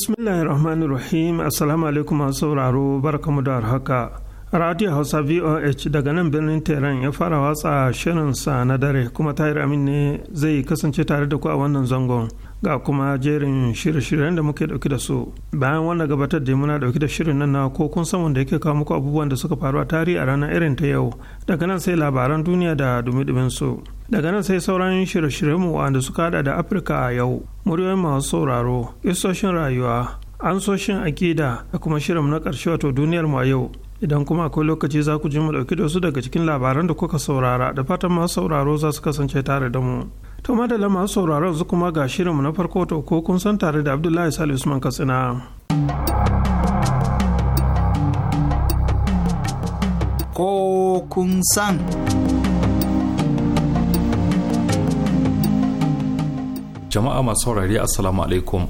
bismillahir rahmanir rahim assalamu alaikum masu sauraro barkamu da haka radio hausa voh daga nan birnin tehran ya fara watsa shirinsa na dare kuma tahir amin ne zai kasance tare da ku a wannan zangon ga kuma jerin shirye-shiryen da muke dauki da su bayan wannan gabatar da muna dauki da shirin nan na ko kun san wanda yake kawo muku abubuwan da suka faru a tarihi a ranar irin ta yau daga nan sai labaran duniya da dumi su daga nan sai sauran shirye-shiryen mu wanda suka hada da afirka a yau muryoyin masu sauraro isoshin rayuwa an ansoshin akida da kuma shirin na karshe wato duniyar mu a yau idan kuma akwai lokaci za ku ji mu dauki da su daga cikin labaran da kuka saurara da fatan masu sauraro za su kasance tare da mu to madalla masu sauraron su kuma ga shirinmu na farko to ko kun san tare da abdullahi salisu usman katsina ko kun san jama'a masu saurari assalamu alaikum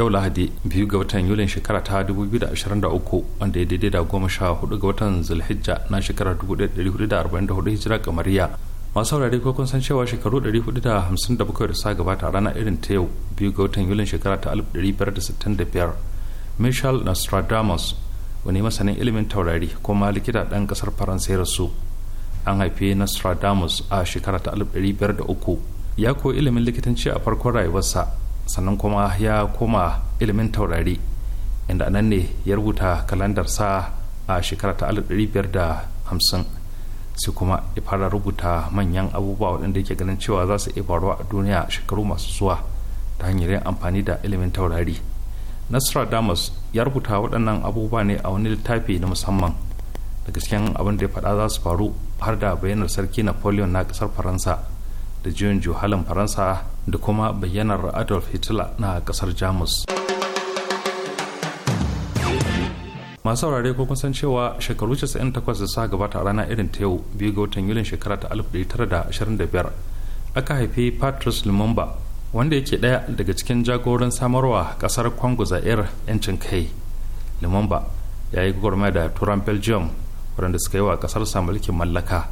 yau lahadi biyu ga watan yulin shekara ta 2023 wanda ya daidai da goma sha hudu ga watan zulhijja na shekarar 1444 hijira kamariya masu saurare ko kun san cewa shekaru 457 da sa gabata rana irin ta yau biyu ga watan yulin shekara ta 1565 michel nostradamus wani masanin ilimin taurari kuma likita ɗan kasar faransa ya rasu an haife nostradamus a shekara ta 1503 ya koyi ilimin likitanci a farkon rayuwarsa sannan kuma ya koma ilimin taurari inda nan ne ya rubuta kalandarsa a shekara ta 1550 sai kuma ya fara rubuta manyan abubuwa waɗanda yake ganin cewa za su iya faruwa a duniya shekaru masu zuwa ta hanyar yin amfani da ilimin taurari nostradamus ya rubuta waɗannan abubuwa ne a wani littafi na musamman da gaskiyan abin da ya faɗa za su faru har da bayyanar sarki napoleon na ƙasar faransa da juyin juhalin faransa da kuma bayyanar adolf hitler na ƙasar jamus. masu saurare ko kun san cewa shekaru 98 da suka gabata a rana irin ta yau biyu ga watan yulin shekara ta 1925 aka haifi patrice lumumba wanda yake ɗaya daga cikin jagoran samarwa kasar congo zaire 'yancin kai lumumba ya yi gwagwarmaya da turan belgium waɗanda suka yi wa kasar sa mulkin mallaka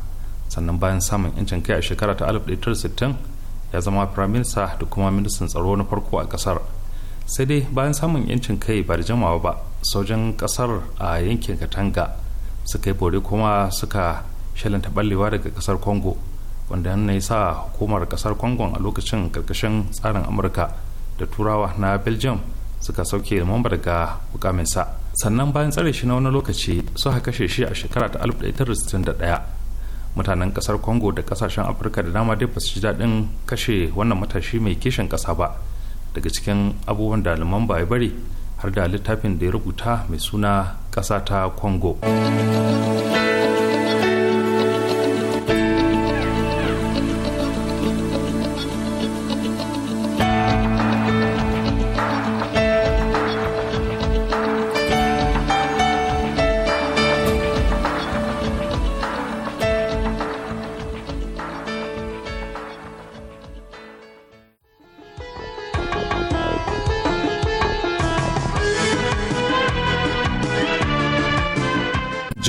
sannan bayan samun 'yancin kai a shekara ta 1960 ya zama firaminista da kuma ministan tsaro na farko a kasar sai dai bayan samun 'yancin kai ba da jamawa ba sojan kasar a yankin katanga suka yi bore kuma suka shalinta ballewa daga kasar congo wanda ya sa hukumar kasar congo a lokacin karkashin tsarin amurka da turawa na belgium suka sauke mamba daga mukaminsa sannan bayan tsare shi na wani lokaci suka kashe shi a shekara ta 1961 mutanen kasar congo da kasashen afirka da dama dai ba su ji daɗin kashe wannan matashi mai kishin ƙasa ba daga cikin abubuwan da lumumba ya bari har da littafin da ya rubuta mai suna ƙasa ta congo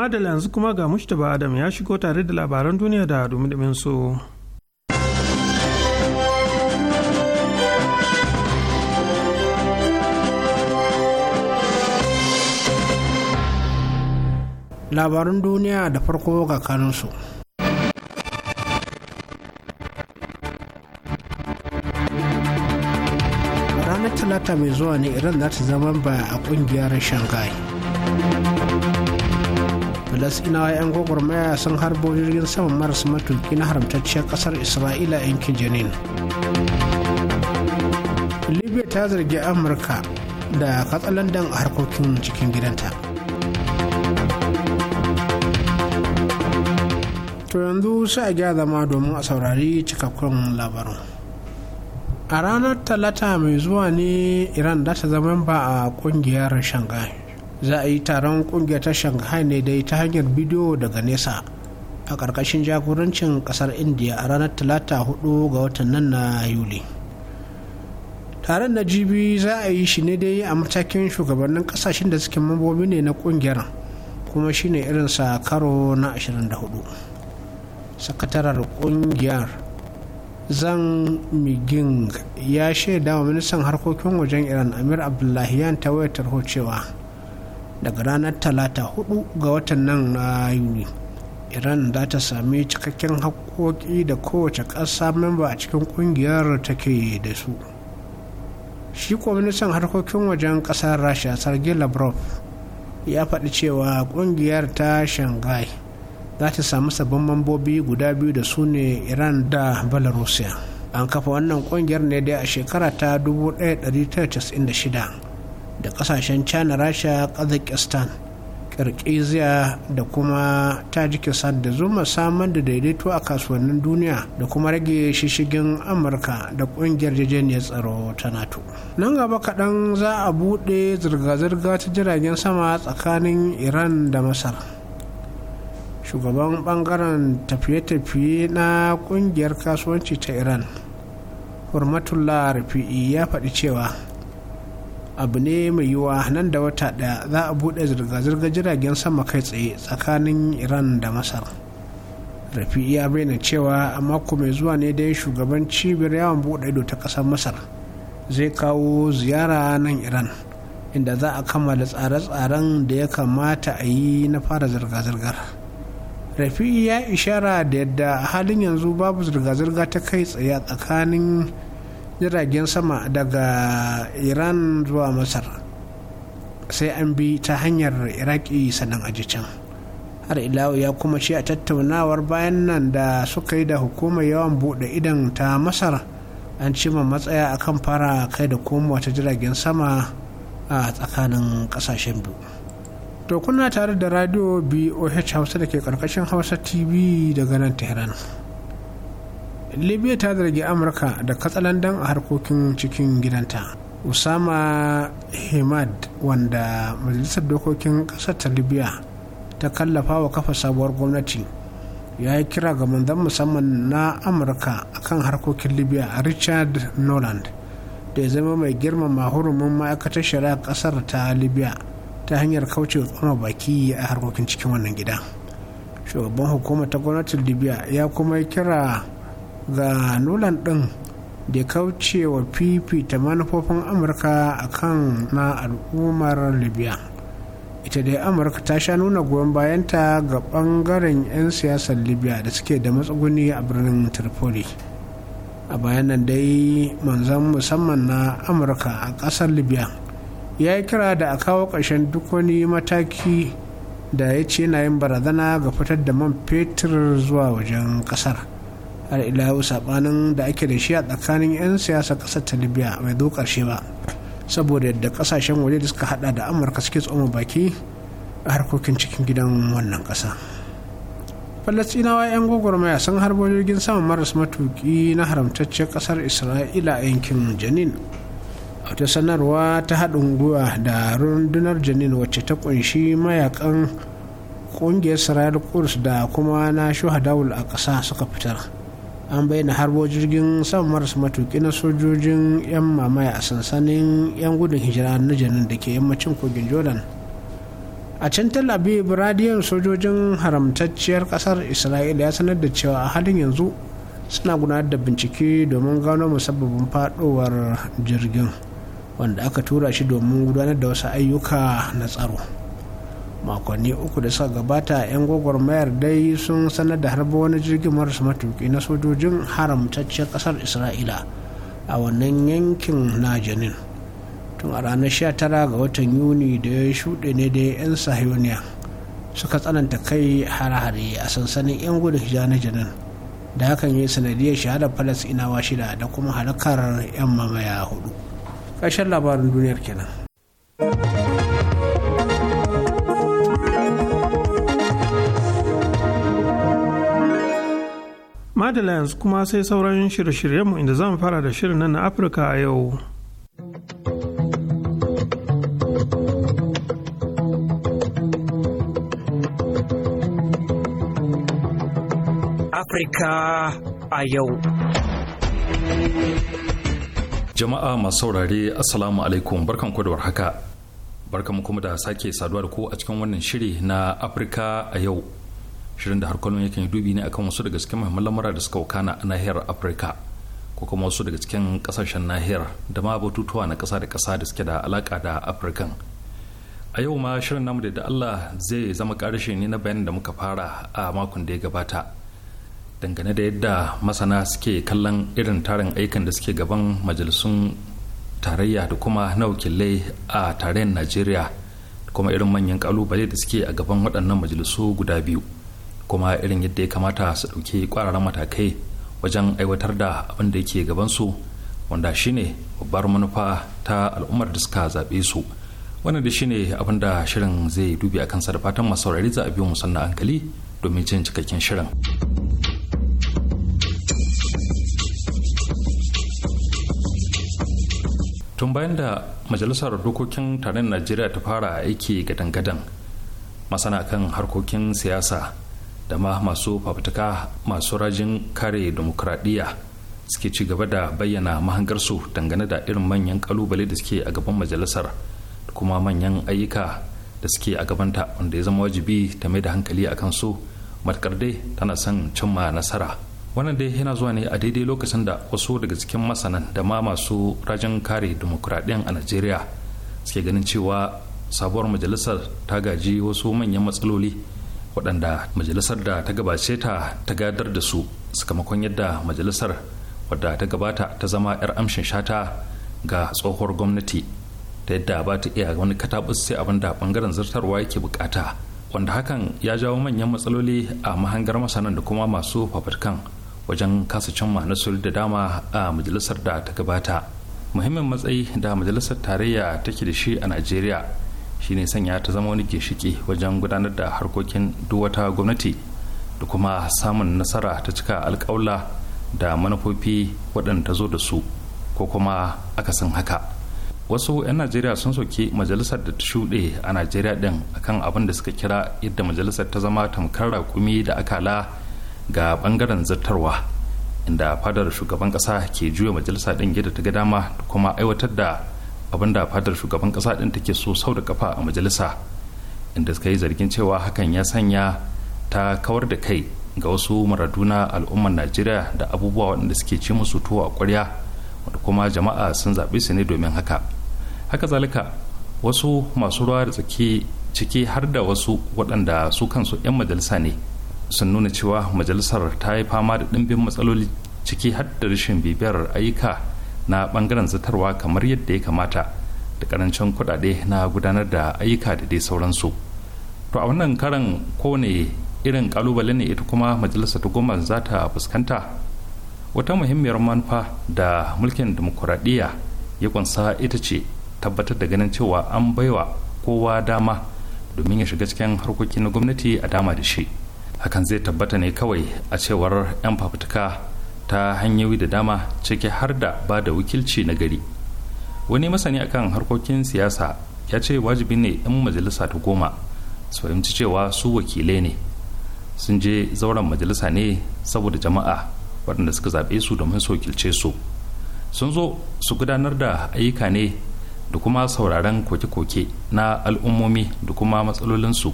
amma da yanzu kuma ga Mustapha Adam ya shigo tare da labaran duniya da dumi so. Labaran duniya da farko ga kanunsu. ranar talata mai zuwa ne iran za ta zama ba a kungiyar shanghai falasɗinawa 'yan gwagwarmaya sun harbo jirgin saman maras matuki na haramtacciyar kasar isra'ila yankin janin libya ta zargi amurka da katsalandan a harkokin cikin gidanta to yanzu sai a gyara zama domin a saurari cikakkun labarun. a ranar talata mai zuwa ne iran za ta zama ba a kungiyar shanghai za a yi taron kungiyar ta shanghai ne dai ta hanyar bidiyo daga nesa a ƙarƙashin jagorancin ƙasar india a ranar talata 4 ga watan nan na yuli taron na jibi za a yi shi ne dai a matakin shugabannin ƙasashen da suke mambobi ne na ƙungiyar kuma shine irinsa karo na 24 sakatarar ƙungiyar zan miging ya shaida wa ministan harkokin wajen iran amir abdullahi ta wayar tarho cewa daga ranar talata huɗu ga watan nan na yuni iran za ta sami cikakken haƙoƙi da kowace ƙasa memba a cikin ƙungiyar ke da su shi kwamitin harkokin wajen ƙasar rasha sergei lavrov ya faɗi cewa ƙungiyar ta shanghai za ta sami sabbin mambobi guda biyu da su ne iran da belarusia an kafa wannan ƙungiyar ne dai a shekara ta 1996 da kasashen china rasha kazakhstan kirgiziya da kuma tajikistan da zuma samar da daidaito a kasuwannin duniya da kuma rage shishigin amurka da kungiyar jejeniya tsaro ta nato nan gaba kaɗan za a buɗe zirga-zirga ta jiragen sama tsakanin iran da masar shugaban ɓangaren tafiye-tafiye na kungiyar kasuwanci ta iran hurmatullah rafi'i ya faɗi cewa abu ne mai yiwuwa nan da wata ɗaya za a buɗe zirga-zirgar jiragen sama kai tsaye tsakanin iran da masar rafi ya bayyana cewa a mako mai zuwa ne dai shugaban cibiyar yawon buɗe ido ta kasar masar zai kawo ziyara nan iran inda za a kammala tsare-tsaren da ya kamata a yi na fara zirga-zirgar rafi ya ishara da yadda halin yanzu babu zirga-zirga ta kai tsaye tsakanin jiragen sama daga iran zuwa masar sai an bi ta hanyar iraki sannan a can har ilawo ya kuma ce a tattaunawar bayan nan da suka yi da hukumar yawan bude idan ta masar an cima matsaya a kan fara kai da koma ta jiragen sama a tsakanin kasashen biyu to kuna tare da radio boh hausa da ke karkashin hausa tv daga nan tehran libya ta zargi amurka da katsalandan a harkokin cikin gidanta usama himad wanda majalisar dokokin ƙasar ta libya ta kallafa wa kafa sabuwar gwamnati ya yi kira ga manzan musamman na amurka akan harkokin libya richard noland da ya zama mai girmama hurumin ma'aikatar shari'a kasar ta libya ta hanyar kaucewa tsoma baki a harkokin cikin wannan gida shugaban hukumar ta gwamnatin libya ya kuma kira ga nulan ɗin da kaucewa fifita manufofin amurka a kan na al'ummar libya ita dai amurka ta sha nuna goyon bayanta ga ɓangaren 'yan siyasar libya da suke da matsuguni a birnin tripoli a bayanan dai manzan musamman na amurka a ƙasar libya ya yi kira da a kawo ƙarshen duk wani mataki da ya ce na yin barazana ga fitar da man fetur zuwa wajen ƙasar. har ila yau sabanin da ake da shi a tsakanin 'yan siyasa kasar ta libya mai zo karshe ba saboda yadda kasashen waje da suka hada da amurka suke tsoma baki a harkokin cikin gidan wannan kasa falasinawa 'yan gwagwarmaya sun harbo jirgin sama maras matuki na haramtacciyar kasar isra'ila a yankin janin a wata sanarwa ta haɗin gwiwa da rundunar janin wacce ta kunshi mayakan ƙungiyar sarayar kurs da kuma na shuhadawul a ƙasa suka fitar an bayyana harbo jirgin sama maras matuki na sojojin 'yan mamaya a sansanin 'yan gudun hijira na janin da ke yammacin kogin jordan a can tel aviv radiyon sojojin haramtacciyar kasar isra'ila ya sanar da cewa a halin yanzu suna gudanar da bincike domin gano musabbabin fadowar jirgin wanda aka tura shi domin gudanar da wasu ayyuka na tsaro makonni uku da suka gabata 'yan gwagwarmayar dai sun sanar da harba wani jirgin marasa matuki na sojojin haramtacciyar kasar isra'ila a wannan yankin na janin tun a ranar 19 ga watan yuni da ya shuɗe ne da 'yan sahiyoniya suka tsananta kai hare-hare a sansanin 'yan gudun hijira na janin da hakan yi sanadiyar shahadar falasinawa shida da kuma halakar 'yan mamaya hudu ƙarshen labarin duniyar kenan. madala kuma sai sauran shirye-shiryenmu inda zan fara da shirin nan na afirka a yau afirka a yau jama'a masu saurare assalamu alaikum barkan da warhaka barkan kuma da sake saduwa da ku a cikin wannan shiri na afirka a yau shirin da har yakan dubi ne akan wasu daga cikin muhimman lamura da suka wakana a nahiyar afirka ko kuma wasu daga cikin kasashen nahiyar da ma batutuwa na kasa da kasa da suke da alaka da afirkan a yau ma shirin namu da allah zai zama karshe ne na bayanin da muka fara a makon da ya gabata dangane da yadda masana suke kallon irin tarin aikan da suke gaban majalisun tarayya da kuma na wakilai a tarayyar najeriya kuma irin manyan kalubale da suke a gaban waɗannan majalisu guda biyu kuma irin yadda ya kamata su ɗauki ƙwararren matakai wajen aiwatar da abin da yake gabansu wanda shine babbar manufa ta al'ummar da suka zaɓe su wannan da shine abin da shirin zai dubi a kansa da fatan masu saurari za a biyo musanna hankali domin jin cikakken shirin. tun bayan da majalisar dokokin taron najeriya ta fara aiki gadan-gadan masana kan harkokin siyasa da ma masu fafutuka masu rajin kare demokradiyya suke ci gaba da bayyana mahangarsu dangane da irin manyan kalubale da suke a gaban majalisar da kuma manyan ayyuka da suke a gabanta wanda ya zama wajibi ta mai da hankali a kansu matakar dai tana son cimma nasara wannan dai yana zuwa ne a daidai lokacin da wasu daga cikin masanan da ma masu rajin kare demokradiyyan a najeriya suke ganin cewa sabuwar majalisar ta gaji wasu manyan matsaloli waɗanda majalisar da ta gabace ta ta gadar da su sakamakon yadda majalisar wadda ta gabata ta zama 'yar amshin shata ga tsohuwar gwamnati ta yadda ba ta iya wani katabus sai abin da bangaren zartarwa yake bukata wanda hakan ya jawo manyan matsaloli a mahangar masanan da kuma masu fafatkan wajen kasa cimma nasarori da dama a majalisar da ta gabata muhimmin matsayi da majalisar tarayya take da shi a najeriya shine sanya ta zama wani ginshiki wajen gudanar da harkokin duk wata gwamnati da kuma samun nasara ta cika alkawla da manufofi waɗanda zo da su ko kuma akasin haka wasu 'yan najeriya sun soki majalisar da ta shuɗe a najeriya ɗin akan abin da suka kira yadda majalisar ta zama tamkar raƙumi da akala ga ɓangaren zartarwa inda fadar shugaban ƙasa ke juya majalisa ɗin gida ta ga dama da kuma aiwatar da abinda fadar shugaban kasa din take so sau da kafa a majalisa inda suka yi zargin cewa hakan ya sanya ta kawar da kai ga wasu maraduna al'ummar najeriya da abubuwa waɗanda suke ci musu tuwo a ƙwarya wanda kuma jama'a sun zaɓe su ne domin haka haka zalika wasu masu ruwa da tsaki ciki har da wasu waɗanda su kansu 'yan majalisa ne sun nuna cewa majalisar ta yi fama da ɗimbin matsaloli ciki har da rashin bibiyar ayyuka na bangaren zatarwa kamar yadda ya kamata da karancin kuɗaɗe na gudanar da ayyuka da dai sauransu to a wannan karan kowane irin kalubale ne ita kuma majalisar ta goma za ta fuskanta wata muhimmiyar manufa da mulkin demokuraɗiyya ya kunsa ita ce tabbatar da ganin cewa an baiwa kowa dama domin ya shiga cikin harkokin na gwamnati a dama da shi hakan zai tabbata ne kawai a cewar 'yan fafutuka ta hanyoyi da dama ciki har da ba da wakilci na gari wani masani akan harkokin siyasa ya ce wajibi ne 'yan majalisa ta goma su fahimci cewa su wakilai ne sun je zauren majalisa ne saboda jama'a waɗanda suka zaɓe su domin su wakilce su sun zo su gudanar da ayyuka ne da kuma sauraren koke-koke na al'ummomi da kuma matsalolinsu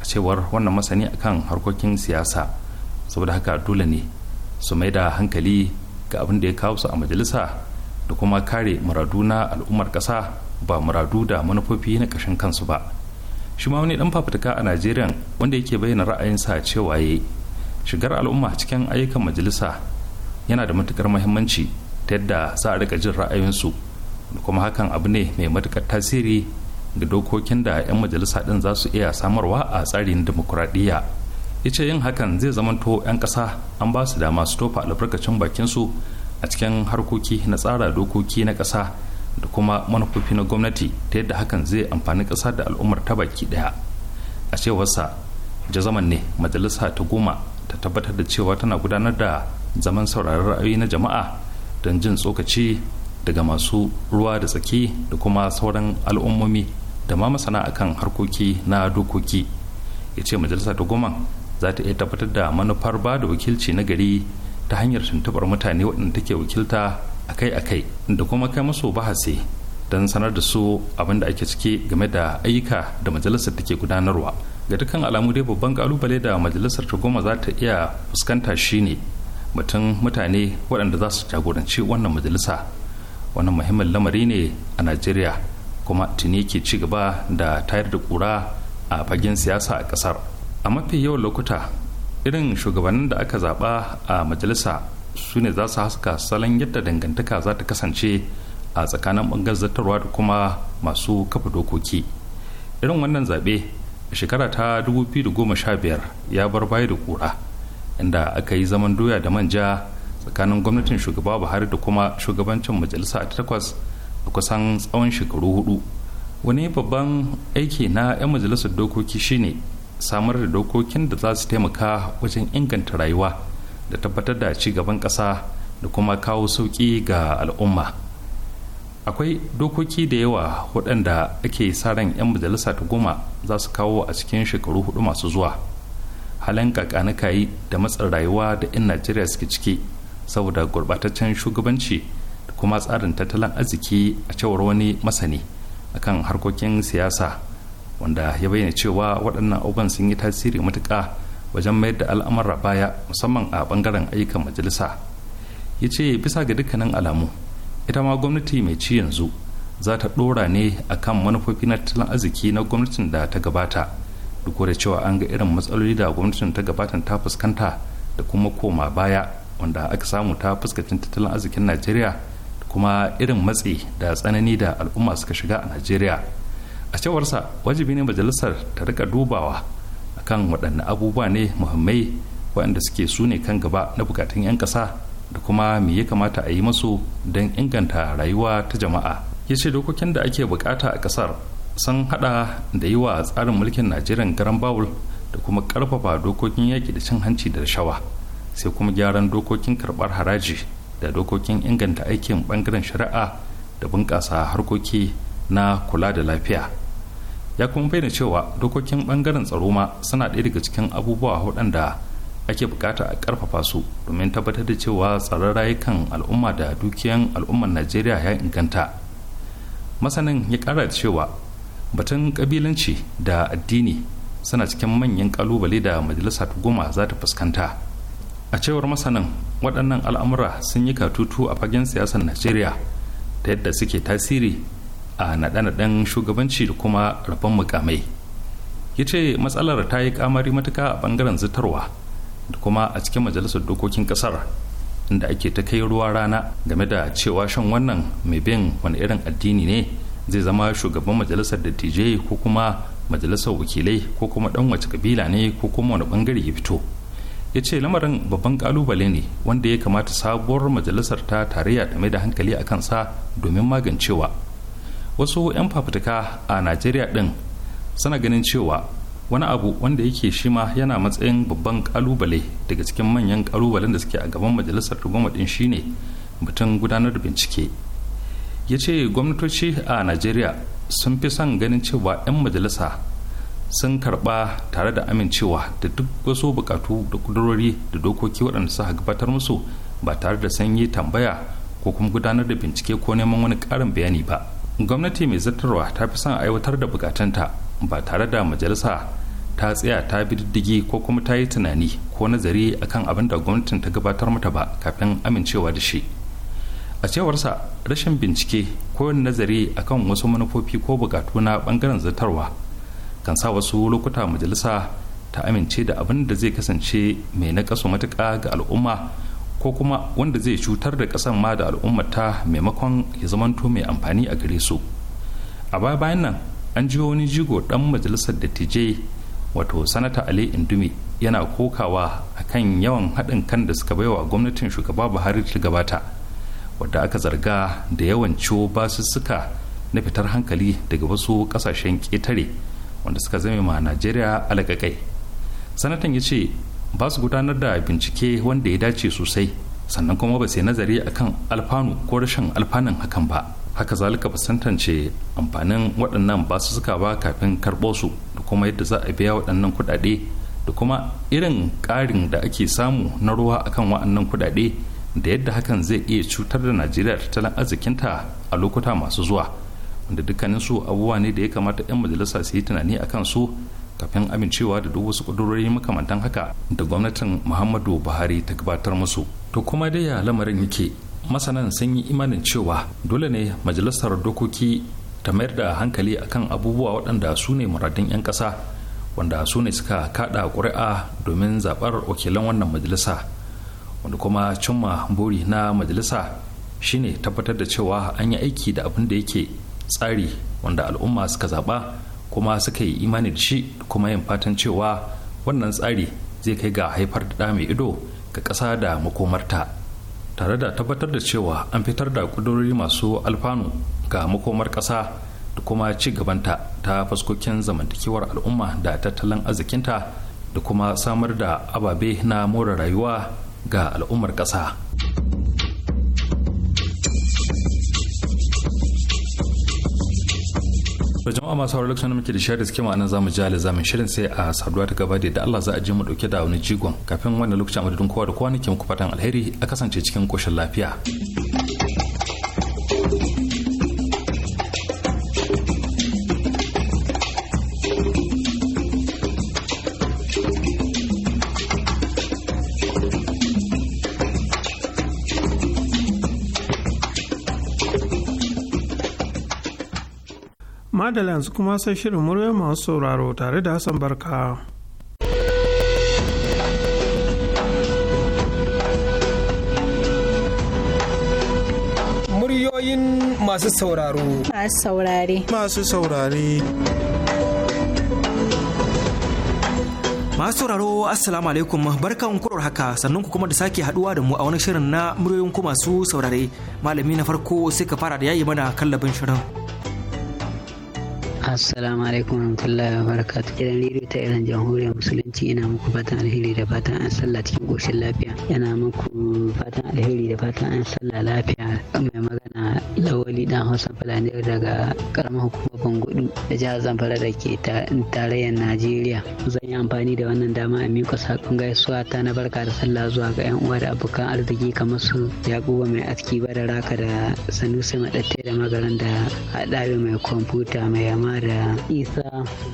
a cewar wannan masani akan harkokin siyasa saboda haka dole ne su mai da hankali ga abin da ya kawo su a majalisa da kuma kare muradu na al'ummar ƙasa ba muradu da manufofi na kashin kansu ba shi ma wani dan fafutuka a najeriya wanda yake bayyana ra'ayinsa cewa ya shigar al'umma cikin ayyukan majalisa yana da matukar muhimmanci ta yadda za a rika jin ra'ayinsu da kuma hakan abu ne mai matukar tasiri ga dokokin da 'yan majalisa din za su iya samarwa a tsarin dimokuraɗiyya ya ce yin hakan zai zamanto 'yan ƙasa an ba su dama su tofa albarkacin bakinsu a cikin harkoki na tsara dokoki na ƙasa da kuma manufofi na gwamnati ta yadda hakan zai amfani ƙasa da al'ummar ta baki ɗaya a cewarsa zaman ne majalisa ta goma ta tabbatar da cewa tana gudanar da zaman sauraron ra'ayi na jama'a don jin tsokaci daga masu ruwa da tsaki da kuma sauran al'ummomi da ma masana akan harkoki na dokoki ya ce majalisa ta goma za ta iya tabbatar da manufar ba da wakilci na gari ta hanyar tuntubar mutane waɗanda take wakilta akai-akai da kuma kai masu bahasi don sanar da su abin da ake cike game da ayyuka da majalisar take gudanarwa ga dukkan alamu dai babban kalubale da majalisar ta goma za ta iya fuskanta shine batun mutane waɗanda za su jagoranci wannan majalisa wannan muhimmin lamari ne a najeriya kuma tuni ke ci gaba da tayar da kura a fagen siyasa a ƙasar a mafi yawan lokuta irin shugabannin da aka zaba a majalisa su ne za su haska salon yadda dangantaka za ta kasance a tsakanin bangar zartarwa da kuma masu kafa dokoki irin wannan zaɓe a shekara ta 2015 ya bar baya da kura inda aka yi zaman doya da manja tsakanin gwamnatin shugaba buhari da kuma shugabancin majalisa a takwas a kusan tsawon shekaru hudu wani babban aiki na 'yan majalisar dokoki shine samar da dokokin da za su taimaka wajen inganta rayuwa da tabbatar da ci gaban ƙasa da kuma kawo sauƙi ga al'umma akwai dokoki da yawa waɗanda ake sa ran 'yan majalisa ta goma za su kawo a cikin shekaru hudu masu zuwa halin kakanikayi da matsin rayuwa da 'yan najeriya suke ciki saboda gurbataccen shugabanci da kuma tsarin tattalin arziki a cewar wani masani akan harkokin siyasa wanda ya bayyana cewa waɗannan abubuwan sun yi tasiri matuƙa wajen mayar da al'amura baya musamman a bangaren ayyukan majalisa ya ce bisa ga dukkanin alamu ita ma gwamnati mai ci yanzu za ta ɗora ne a kan manufofi na tattalin arziki na gwamnatin da ta gabata duk da cewa an ga irin matsaloli da gwamnatin ta gabatan ta fuskanta da kuma koma baya wanda aka samu ta fuskacin tattalin arzikin najeriya da kuma irin matsi da tsanani da al'umma suka shiga a najeriya a cewarsa wajibi ne majalisar ta rika dubawa akan waɗanne abubuwa ne muhimmai waɗanda suke su ne kan gaba na bukatun 'yan ƙasa da kuma me ya kamata a yi masu don inganta rayuwa ta jama'a ya ce dokokin da ake bukata a ƙasar sun haɗa da yi wa tsarin mulkin najeriya garan bawul da kuma ƙarfafa dokokin yaƙi da cin hanci da rashawa sai kuma gyaran dokokin karɓar haraji da dokokin inganta aikin ɓangaren shari'a da bunƙasa harkoki na kula da lafiya ya kuma bayyana cewa dokokin bangaren tsaro ma suna ɗaya daga cikin abubuwa waɗanda ake bukata a ƙarfafa su domin tabbatar da cewa tsaron rayukan al'umma da dukiyan al'ummar najeriya ya inganta masanin ya ƙara da cewa batun ƙabilanci da addini suna cikin manyan ƙalubale da majalisa ta goma za ta fuskanta a cewar masanin waɗannan al'amura sun yi katutu a fagen siyasar najeriya ta yadda suke tasiri a naɗe-naɗen shugabanci da kuma rabon mukamai ya ce matsalar ta yi kamari matuka a ɓangaren zitarwa da kuma a cikin majalisar dokokin ƙasar inda ake ta kai ruwa rana game da cewa shan wannan mai bin wani irin addini ne zai zama shugaban majalisar dattijai ko kuma majalisar wakilai ko kuma dan wace kabila ne ko kuma wani bangare ya fito ya ce lamarin babban kalubale ne wanda ya kamata sabuwar majalisar ta tarayya da mai da hankali a kansa domin magancewa wasu 'yan fafutuka a najeriya din suna ganin cewa wani abu wanda yake shi ma yana matsayin babban kalubale daga cikin manyan kalubalen da suke a gaban majalisar rigoma ɗin shine batun gudanar da bincike ya ce gwamnatoci a najeriya sun fi son ganin cewa 'yan majalisa sun karba tare da amincewa da duk wasu bukatu da kudurori da dokoki waɗanda suka gabatar musu ba tare da sanyi tambaya ko kuma gudanar da bincike ko neman wani ƙarin bayani ba gwamnati mai zartarwa ta fi son aiwatar da bukatunta ba tare da majalisa ta tsaya ta bi diddigi ko kuma ta yi tunani ko nazari akan abin da gwamnatin ta gabatar mata ba kafin amincewa da shi a cewarsa rashin bincike ko nazari akan wasu manufofi ko bukatu na bangaren zartarwa kan sa wasu lokuta majalisa ta amince da abin da zai kasance mai na matuƙa ga al'umma ko kuma wanda zai cutar da ƙasar ma da al'ummata maimakon ya zamanto mai amfani a gare su a baya bayan nan an ji wani jigo ɗan majalisar dattijai wato sanata ali indumi yana kokawa akan yawan haɗin kan da suka baiwa gwamnatin shugaba buhari ta gabata wadda aka zarga da yawan ciwo basussuka na fitar hankali daga wasu ƙasashen ƙetare wanda suka zame ma najeriya alaƙaƙai sanatan ya ce ba su gudanar da bincike wanda ya dace sosai sannan kuma ba yi nazari akan alfanu ko rashin alfanun hakan ba haka zalika ba tantance amfanin waɗannan ba su suka ba kafin karɓo su da kuma yadda za a biya waɗannan kuɗaɗe da kuma irin ƙarin da ake samu na ruwa akan waɗannan kuɗaɗe da yadda hakan zai iya cutar da najeriya tattalin arzikinta a lokuta masu zuwa wanda dukkaninsu abubuwa ne da ya kamata 'yan majalisa su yi tunani akan su kafin amincewa da duk wasu ƙudurori makamantan haka da gwamnatin muhammadu buhari ta gabatar musu to kuma dai ya lamarin yake masanan sun yi imanin cewa dole ne majalisar dokoki ta mayar da hankali akan abubuwa waɗanda su ne muradin 'yan ƙasa wanda su ne suka kaɗa ƙuri'a domin zaɓar wakilan wannan majalisa wanda kuma cimma buri na majalisa shine tabbatar da cewa an yi aiki da abin da yake tsari wanda al'umma suka zaɓa kuma suka yi imani da shi kuma yin fatan cewa wannan tsari zai kai ga haifar da mai ido ga ƙasa da makomarta tare da tabbatar da cewa an fitar da ƙudurori masu alfanu ga makomar ƙasa da kuma ci gabanta ta fuskokin zamantakewar al'umma da tattalin arzikinta da kuma samar da ababe na more rayuwa ga al'ummar ƙasa. to jama'a masu haurar lokacin da muke da shirin suke ma'anar zamu ji ala zamu shirin sai a saduwa ta gaba da yadda Allah za a je mu dauke da wani jigon kafin wannan lokacin a madadin kowa da kowa nake muku fatan alheri a kasance cikin koshin lafiya. da yanzu kuma sai shirin murya masu sauraro tare da hassan barka muryoyin masu sauraro masu saurare masu saurare masu sauraro assalamu alaikum barkan kurar haka sannan ku kuma da sake haduwa da mu a wani shirin na muryoyin ku masu saurare malami na farko sai ka fara da yayi mana kallabin shirin Assalamu alaikum warahmatullahi wabarakatuh. Gidan rediyo ta irin Jamhuriyar Musulunci ina muku fatan alheri da fatan an sallah cikin koshin lafiya. yana muku fatan alheri da fatan an sallah lafiya mai magana lawali dan hausa fulani daga karamar hukumar bangudu da jihar zamfara da ke tarayyar najeriya zan yi amfani da wannan dama a miƙa saƙon gaisuwa ta na barka da sallah zuwa ga yan uwa da abokan arziki kamar su yakubu mai aski da raka da sanusi maɗatte da magaran da haɗari mai kwamfuta mai yama da isa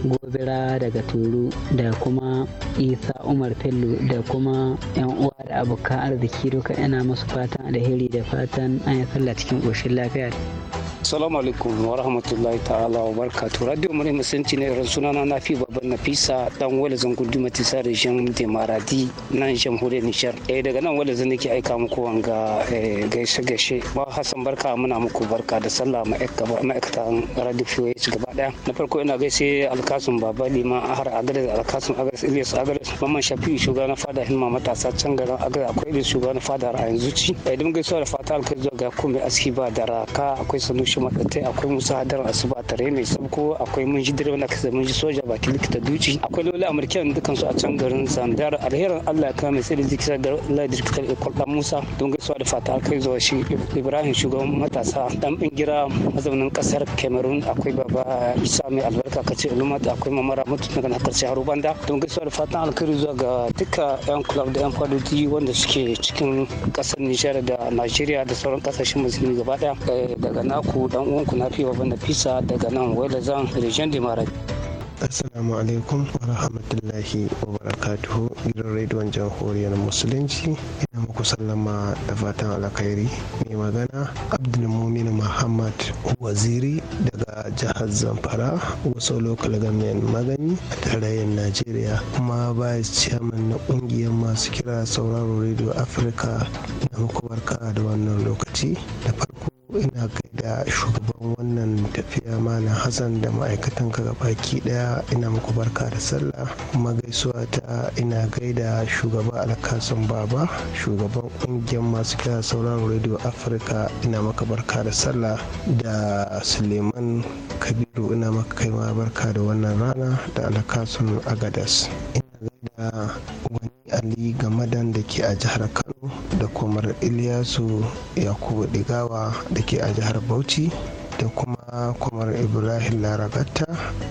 gobira daga turu da kuma isa umar fello da kuma yan uwa da abokan arziki duka ina masu fatan alheri da fatan an yi sallah cikin ƙoshin lafiya Assalamu alaikum wa rahmatullahi ta'ala wa barkatu. Radio Mare Musulunci ne ran sunana na fi babban na fisa dan Walazan Gunduma Tisa da Shan Demaradi nan Jamhuriyar Nishar. Eh daga nan zan nake aika muku wanga eh, gaishe gaishe. Ba Hassan barka muna muku barka da sallah ma'aikatan Radio ci gaba daya. Na farko ina gaishe Alkasum Baba Lima har Agadez Alkasum Agadez Ilyas Agadez Mamman Shafi shugaba na fada himma matasa can garin Agadez akwai da shugaba na fada ra'ayin zuci. Eh dun gaisuwa da fata alkai zuwa ga kuma aski ba da raka akwai sanu shi matsatsai akwai musa hadar asuba tare mai sabko akwai mun ji direba kasa mun ji soja baki likita duci akwai lola amurkiyan ne dukansu a can garin zandar alherin allah kama mai zikisa da zikisa ga ladirkitar ikwalda musa don gaisuwa da fata kai zuwa shi ibrahim shugaban matasa dan bingira mazaunin kasar cameroon akwai baba isa mai albarka kace ulumat akwai mamara mutu daga na karshe haru banda don gaisuwa da fatan alkai zuwa ga duka yan club da yan fadoji wanda suke cikin kasar nijar da najeriya da sauran kasashen musulmi gaba daya eh, daga naku ku dan uwanku na fi babban fisa daga nan zan region dimara Assalamu alaikum wa rahmatullahi wa barakatuhu gidan rediyon jamhuriyar musulunci ina muku sallama da fatan alkhairi mai magana abdulmumin muhammad waziri daga jihar zamfara wasu local government magani a tarayyar najeriya kuma vice chairman na kungiyar masu kira sauraro radio africa ina muku barka da wannan lokaci da farko ina gaida shugaban wannan tafiya malam hassan da ma'aikatan ka baki daya ina muku barka da sallah kuma gaisuwa ta ina gaida shugaba alkasun baba shugaban kungiyar masu kira sauran radio afirka ina maka barka da sallah da suleiman kabiru ina maka kai ma barka da wannan rana da alkasun agadas da wani ali gamadan da ke a jihar kano da kuma ilyasu yakubu digawa da ke a jihar bauchi da kuma kwamar ibrahim larabatta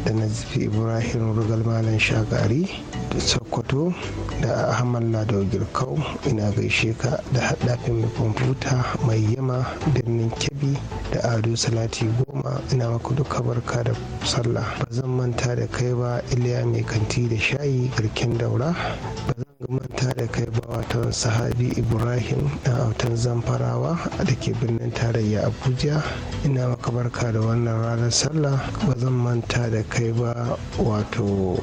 da nazifi ibrahim rugal malam shagari da sokoto da ahmad lado girkau ina gaishe ka da haɗafin mai kwamfuta mai yama birnin kebbi da ado salati goma ina maka duka barka da sallah ba zan manta da kai ba iliya mai kanti da shayi garken daura manta da kai ba wato sahabi ibrahim dan autan zamfarawa da ke birnin tarayya abuja ina maka barka da wannan ranar sallah ba zan manta da kai ba wato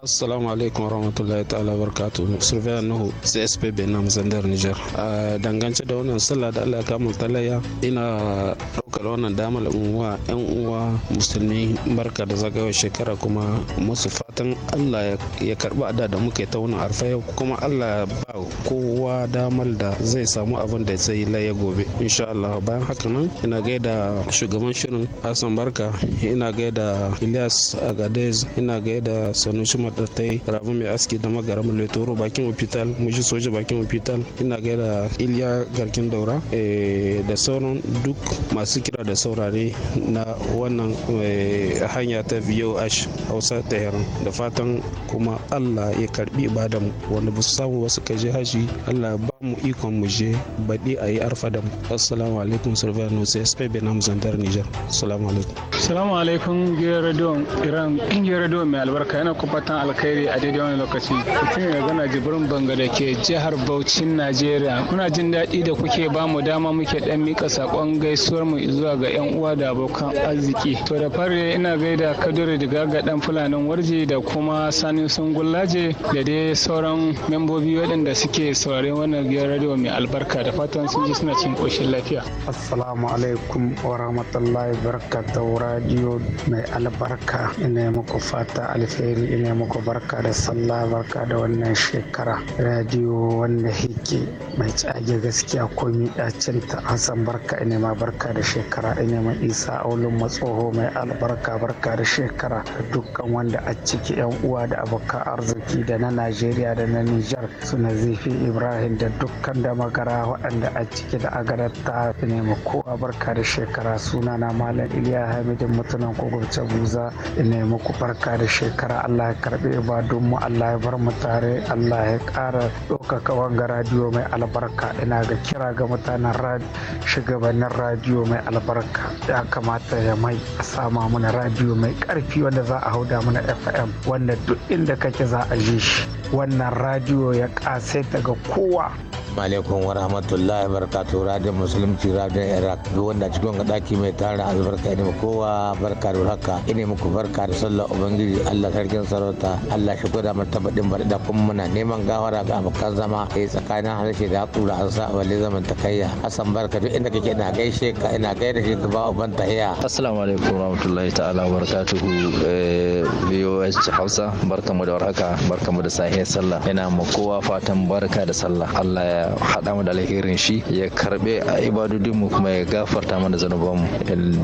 assalamu alaikum warahmatullahi ta'ala barkatu surveya nuhu csp benin zandar niger ah, dangance da wannan sallah da allah Kamun talaya ina ga wannan damar unguwa yan uwa musulmi barka da zagayowar shekara kuma musu fatan allah ya karba da da muke ta wani arfa yau kuma allah ya ba kowa damar da zai samu abin da zai laye gobe insha allah bayan haka nan ina gaida shugaban shirin hassan barka ina gaida ilyas agadez ina gaida sanusi matattai rabu mai aski da magaram letoro bakin ofital mushi soja bakin ofital ina gaida ilya garkin daura eh, da sauran duk masu kira da saurare na wannan eh, hanya ta VOH Hausa Tehran da fatan kuma Allah ya karbi ibadan wanda ba su samu wasu kaji haji Allah ba mu ikon mu je baɗi a yi arfa da mu. Assalamu alaikum Surveyor Nusa SP Benam Zandar Niger. Assalamu alaikum. Assalamu alaikum Giyar Radio Iran Giyar Radio mai albarka yana kubatan alkhairi a daidai wani lokaci. Mutum ya gana Jibrin Banga da ke jihar Bauchin Najeriya. Kuna jin daɗi da kuke ba mu dama muke ɗan miƙa saƙon gaisuwar mu zuwa ga yan uwa da abokan arziki to da fari ina gaida kaduri daga gaga dan fulanin warje da kuma sani sungullaje da dai sauran membobi waɗanda suke saurare wannan biyar radio mai albarka da fatan sun ji suna cin koshin lafiya assalamu alaikum wa rahmatullahi barakatuhu radio mai albarka ina muku fata alheri ina muku barka da sallah barka da wannan shekara radio wanda yake mai tsage gaskiya komi dacin ta hasan barka ina ma barka da shekara shekara inyama isa aulun matsoho mai albarka barka da shekara dukkan wanda a ciki yan uwa da abokan arziki da na najeriya da na nijar suna zifi ibrahim da dukkan da magara waɗanda a ciki da agadar ta nema kowa barka da shekara suna na malam iliya hamidin mutunan kogobce buza nema ku barka da shekara allah ya karbe ba don mu allah ya bar mu tare allah ya ƙara ɗaukaka wanga radiyo mai albarka ina ga kira ga mutanen shugabannin radiyo mai albarka ya kamata ya mai a sama mana radio mai karfi wanda za a hau hauda mana fm wanda duk inda kake za a yi shi wannan radio ya kasaita daga kowa alaikum wa rahmatullahi barakatu radiyon musulunci radio iraq duk wanda cikin ga daki mai tara albarka ne mu kowa barka da haka ina muku barka da sallah ubangiji allah sarkin sarauta allah shi gwada mata baɗin da kun muna neman gawara ga abokan zama a eh, tsakanin harshe da haƙura an sa wale zaman takayya asan barka duk inda kake ina gaishe ka ina gaida shi ka ba uban tahiya assalamu alaikum rahmatullahi ta'ala barakatuhu eh, vos hausa barkamu da warhaka barkamu da sahiyar sallah ina mu kowa fatan barka da sallah allah ya A haɗa mu da alherin shi ya karbe ibadodin mu kuma ya gafarta mana zanuban mu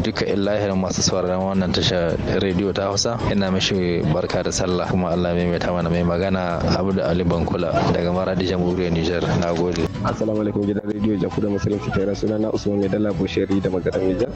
duka illahirin masu sauraron wannan tasha rediyo ta Hausa ina mishi barka da sallah kuma Allah mai mai mana mai magana Abdul Ali Bankula daga Maradi Jamhuriyar Niger nagode assalamu alaikum gidan rediyo Jakuda Musulunci tare suna na Usman Mai Dala Bushiri da mai jan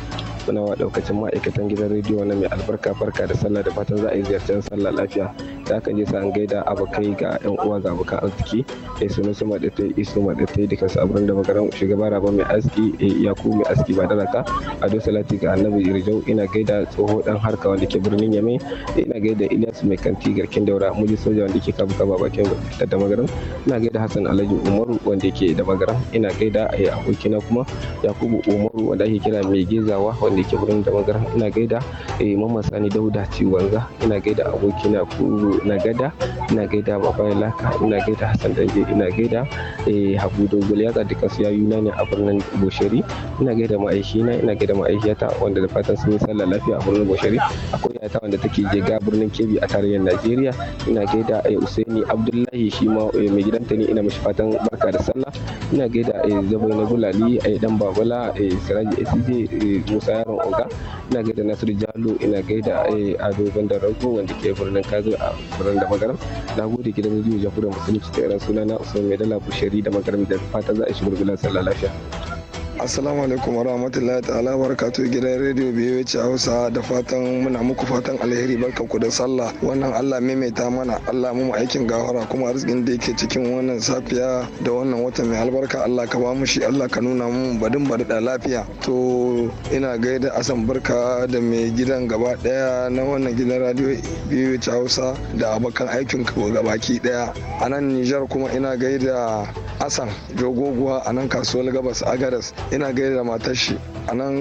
suna wa daukacin ma'aikatan gidan rediyo wannan mai albarka barka da sallah da fatan za a yi ziyarcen sallah lafiya da aka je sa an gaida abokai ga yan uwa ga abokan arziki sai eh, sunan su ta isu maɗatai duka sabon da magaran shugaba raba mai aski eh, yaku mai aski ba dalaka ado salati ga annabi irjau ina gaida tsoho dan harka wanda ke birnin yame ina gaida ilyas mai kanti garkin daura muji soja wanda ke kabu kaba bakin da magaran ina gaida hassan alhaji umaru wanda ke da magaran ina gaida eh, a na kuma yakubu umaru wanda ake kira mai gezawa wanda ke birnin da magaran ina gaida eh, mamman sani dauda ciwonza ina gaida na kuru na gada ina gaida babayi laka ina gaida hassan dange ina gaida habu dogon ya ka duka yuna ne a birnin boshari ina gaida ma'aishi na ina gaida ma'aishiyata wanda da fatan sun yi sallah lafiya a birnin boshari akwai yata wanda take je ga birnin kebbi a tarayyar najeriya ina gaida eh, usaini abdullahi shi ma eh, mai gidanta ne ina mashi fatan barka da sallah ina gaida zabai eh, na bulali dan babala siraji sj musa yaron oga ina gaida nasiru jalo ina gaida ado bandar rago wanda ke birnin kazo a birnin da magaram na gode gidan rediyo jakudan musulunci ta iran suna na usman mai dala bushari da magaram Academy da fatan za a shiga sallah lafiya. assalamu alaikum warahmatullahi ta'ala to gidan rediyo biyu ce hausa da fatan muna muku fatan alheri barka ku da sallah wannan allah maimaita mana allah mu aikin gawara kuma arzikin da yake cikin wannan safiya da wannan watan mai albarka allah ka ba mu shi allah ka nuna mu badin bari da lafiya to ina gaida asan barka da mai gidan gaba daya na wannan gidan radio biyu ce hausa da abokan aikin ka gabaki daya a nan nijar kuma ina gaida asan jogoguwa a nan kasuwar gabas agadas ina gaida matar shi a nan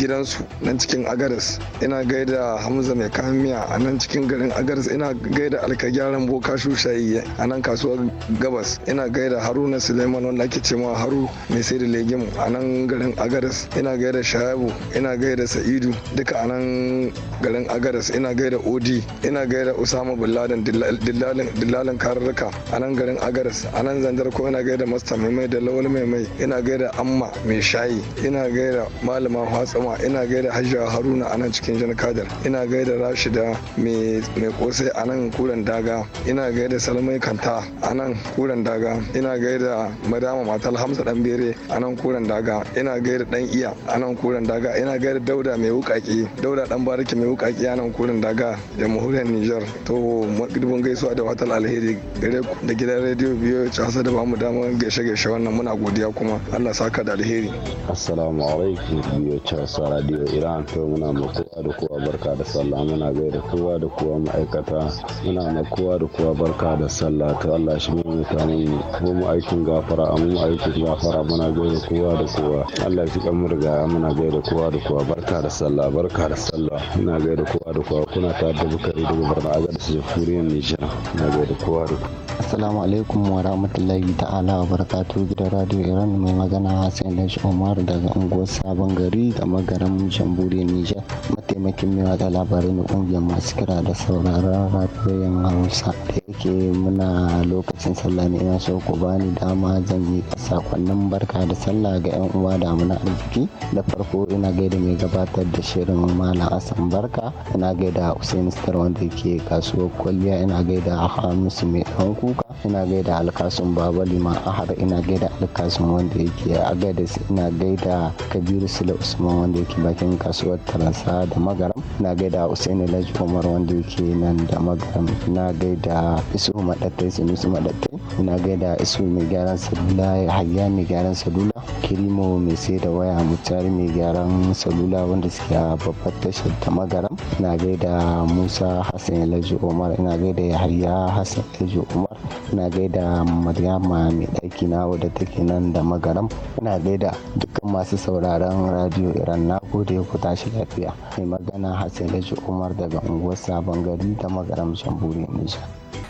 gidansu nan cikin agaris ina gaida hamza mai kamiya a nan cikin garin agaris ina gaida alka gyaran boka shushayi a nan kasuwar gabas ina gaida haruna suleiman wanda ake ce ma haru mai sai da legim a nan garin agaris ina gaida shayabu ina gaida sa'idu duka a nan garin agaris ina gaida odi ina gaida usama bin laden dillalin karurruka a nan garin agaris a nan zanjar ko ina gaida masta mai mai da lawal mai mai ina gaida amma mai shayi ina gaida malama fatsama ina gaida hajja haruna a nan cikin jan kadar ina gaida rashida mai kosai a nan kuren daga ina gaida salmai kanta a nan kuren daga ina gaida madama matal hamsa dan bere nan kuren daga ina gaida dan iya a nan kuren daga ina gaida dauda mai wukaki dauda dan bariki mai wukaki nan kuren daga jamhuriyar niger to dubun gaisuwa da watal alheri gare da gidan rediyo biyo ci hasa da bamu damar gaishe gaishe wannan muna godiya kuma allah saka da alheri Assalamu alaikum biyocin sa radio Iran to muna makuwa da kowa barka da sallah muna gai da kowa da kowa ma'aikata muna makuwa da kowa barka da sallah to Allah shi mai mutanen mu ko mu aikin gafara a mu aikin gafara muna gai da kowa da kowa Allah shi kan murga muna gai da kowa da kowa barka da sallah barka da sallah muna gai da kowa da kowa kuna ta da bukari da barna a gadis jamhuriyar Nijar muna gai da kowa da kowa Assalamu alaikum wa rahmatullahi ta'ala wa barakatuhu gidan radio Iran mai magana Hassan Lashi Alhaji daga unguwar Sabon Gari da magaran Jamhuriyar Nijar. Mataimakin mai watsa labarai na kungiyar masu kira da sauraron radiyoyin Hausa. Da yake muna lokacin sallah ne ina so ku bani dama zan yi sakonnin barka da sallah ga 'yan uwa da muna arziki. Da farko ina gaida mai gabatar da shirin Malam Hassan Barka, ina gaida Hussein Star wanda ke kasuwar kwalliya, ina gaida Hamisu mai ɗan kuka, ina gaida Alkasun Baba Liman Ahar, ina gaida Alkasun wanda yake a gaida Na gaida kabiru sule usman wanda yake bakin kasuwar taransa da magaram na gaida usaini laji umar wanda yake nan da magaram na gaida isu maɗattai sinusu maɗattai ina gaida isu mai gyaran salula ya hayya mai gyaran salula kirimo mai sai da waya mutari mai gyaran salula wanda suke a babbar tashar ta magaram na gaida musa hassan yalaji umar ina gaida hayya hassan yalaji umar ina gaida maryama mai ɗaki na wadda take nan da magaram ina gaida dukkan masu sauraron radio iran na gode ku tashi lafiya mai magana hassan yalaji umar daga unguwar sabon gari ta magaram shamburi nijar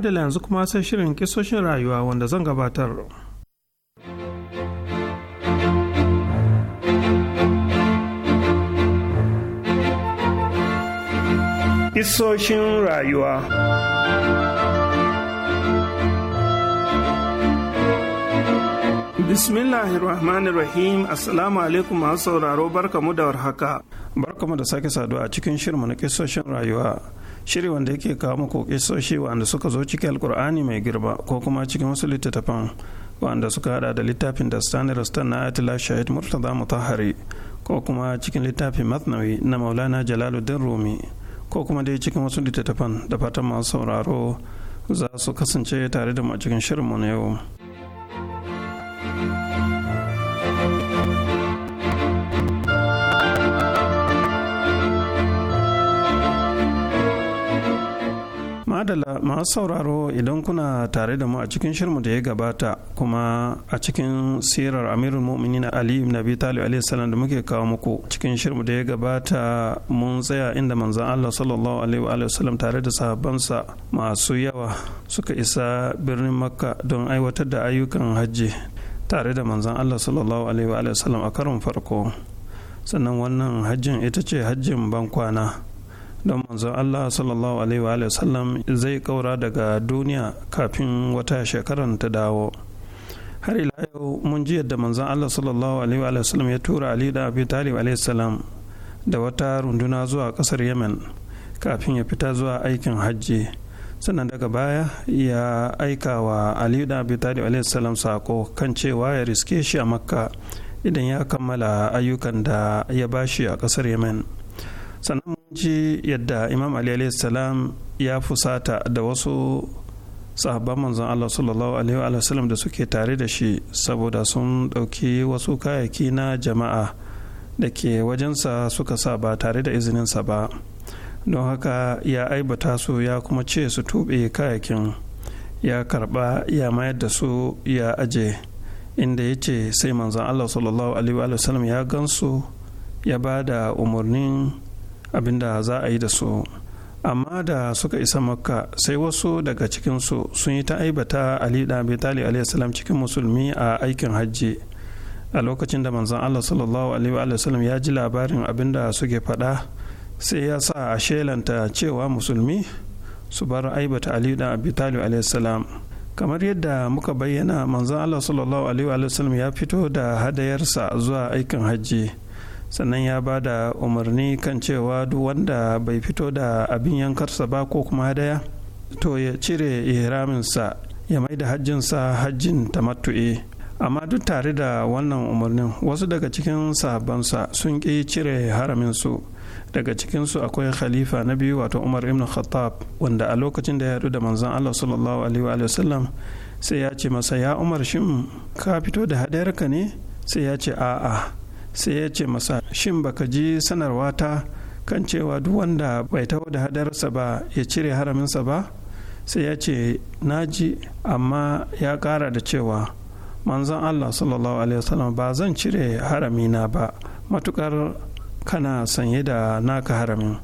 madala yanzu kuma sai shirin kisoshin rayuwa wanda zan gabatar. Kisoshin rayuwa Bismillahirrahmanirrahim Assalamu alaikum masu sauraro barkamu da warhaka. Barkamu da sake saduwa a cikin shirin na kisoshin rayuwa. shiri wanda yake kawo muku kisoshi wanda suka zo cikin alkur'ani mai girba ko kuma cikin wasu littattafan wanda suka hada da littafin da stanley rastan na atila shahid murtaza mutahari ko kuma cikin littafin matnawi na maulana jalaluddin rumi ko kuma dai cikin wasu littattafan da fatan masu sauraro za su kasance tare da mu cikin shirinmu na yau. madalla masu sauraro idan kuna tare da mu a cikin shirmu da ya gabata kuma a cikin sirar amirul mu'minin ali ibn abi talib alayhi salam da muke kawo muku cikin shirmu da ya gabata mun tsaya inda manzon Allah sallallahu alaihi wa sallam tare da sahabbansa masu yawa suka isa birnin makka don aiwatar da ayyukan hajji tare da manzon Allah sallallahu alaihi wa sallam a karon farko sannan wannan hajjin ita ce hajjin bankwana. kwana don manzon Allah sallallahu alaihi wa sallam zai kaura daga duniya kafin wata shekaran ta dawo har ila yau mun ji yadda manzon Allah sallallahu alaihi wa sallam ya tura Ali da Abi Talib alaihi da wata runduna zuwa kasar Yemen kafin ya fita zuwa aikin hajji sannan daga baya ya aika wa Ali da Abi Talib alaihi sako kan cewa ya riske shi a Makka idan ya kammala ayyukan da ya bashi a kasar Yemen. sannan mun ji yadda imam ali salam ya fusata da wasu sahabban manzon allah sallallahu alaihi wa sallam da suke tare da shi saboda sun ɗauki wasu kayayyaki na jama'a da ke wajensa suka sa ba tare da izininsa ba don haka ya aibata su ya kuma ce su tuɓe kayakin ya karɓa ya mayar da su ya aje inda ya ce sai manzon allah sallallahu alaihi wa sallam ya gansu ya ba da umarnin abin da za a yi da su amma da suka isa makka sai wasu daga cikinsu sun yi ta aibata ali da abi talib alaihissalam cikin musulmi a aikin hajji a lokacin da manzan allah sallallahu alaihi wa sallam ya ji labarin abin da suke faɗa sai ya sa a shelanta cewa musulmi su bar aibata ali da abi talib alaihissalam kamar yadda muka bayyana manzan allah sallallahu alaihi wa sallam ya fito da hadayarsa zuwa aikin hajji sannan ya ba da umarni kan cewa duk wanda bai fito da abin yankarsa ba ko kuma hadaya to ya cire ihraminsa ya mai da hajjinsa hajjin ta tamattu'i amma duk tare da wannan umarnin wasu daga cikin sabonsa sun ƙi cire haraminsu daga cikinsu akwai khalifa na biyu wato umar ibn khattab wanda a lokacin da ya haɗu da manzan allah sallallahu alaihi wa sai ya ce masa ya umar shin ka fito da hadayarka ne sai ya ce a'a sai ya ce masa shin baka ji sanarwa ta kan cewa duk wanda bai taho da hadarsa ba ya cire haraminsa ba sai ya ce na ji amma ya kara da cewa manzon allah sallallahu alaihi wasallam ba zan cire haramina ba matukar kana sanye da naka haramin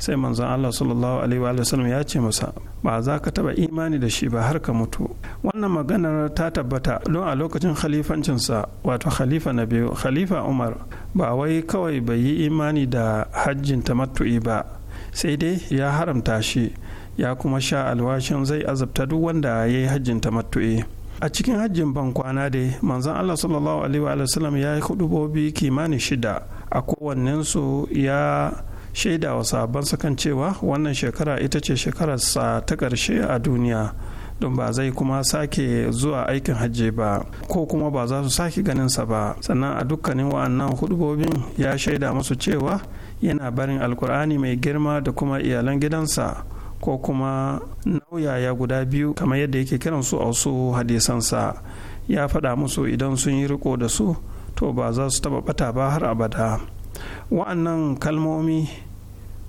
sai manzon Allah sallallahu alaihi wa sallam ya ce masa ba za ka taba imani da shi ba har ka mutu wannan maganar ta tabbata don a lokacin khalifancinsa wato khalifa na biyu khalifa Umar ba wai kawai bai yi imani da hajjin tamattu'i ba sai dai ya haramta shi ya kuma sha alwashin zai azabta duk wanda ya yi hajjin tamattu'i a cikin hajjin ban kwana dai manzon Allah sallallahu alaihi wa sallam ya yi hudubobi kimanin shida a kowannensu ya shaida wa sabon sakan cewa wannan shekara ita ce shekararsa ta ƙarshe a duniya don ba zai kuma sake zuwa aikin hajji ba ko kuma ba za su sake ganinsa ba sannan a dukkanin wa'annan hudubobin ya shaida musu cewa yana barin alkur'ani mai girma da kuma iyalan gidansa ko kuma nauyaya guda biyu kamar yadda yake kiransu a wasu hadisansa ya faɗa musu idan sun yi riko da su to ba za su taɓa ɓata ba har abada wa'annan kalmomi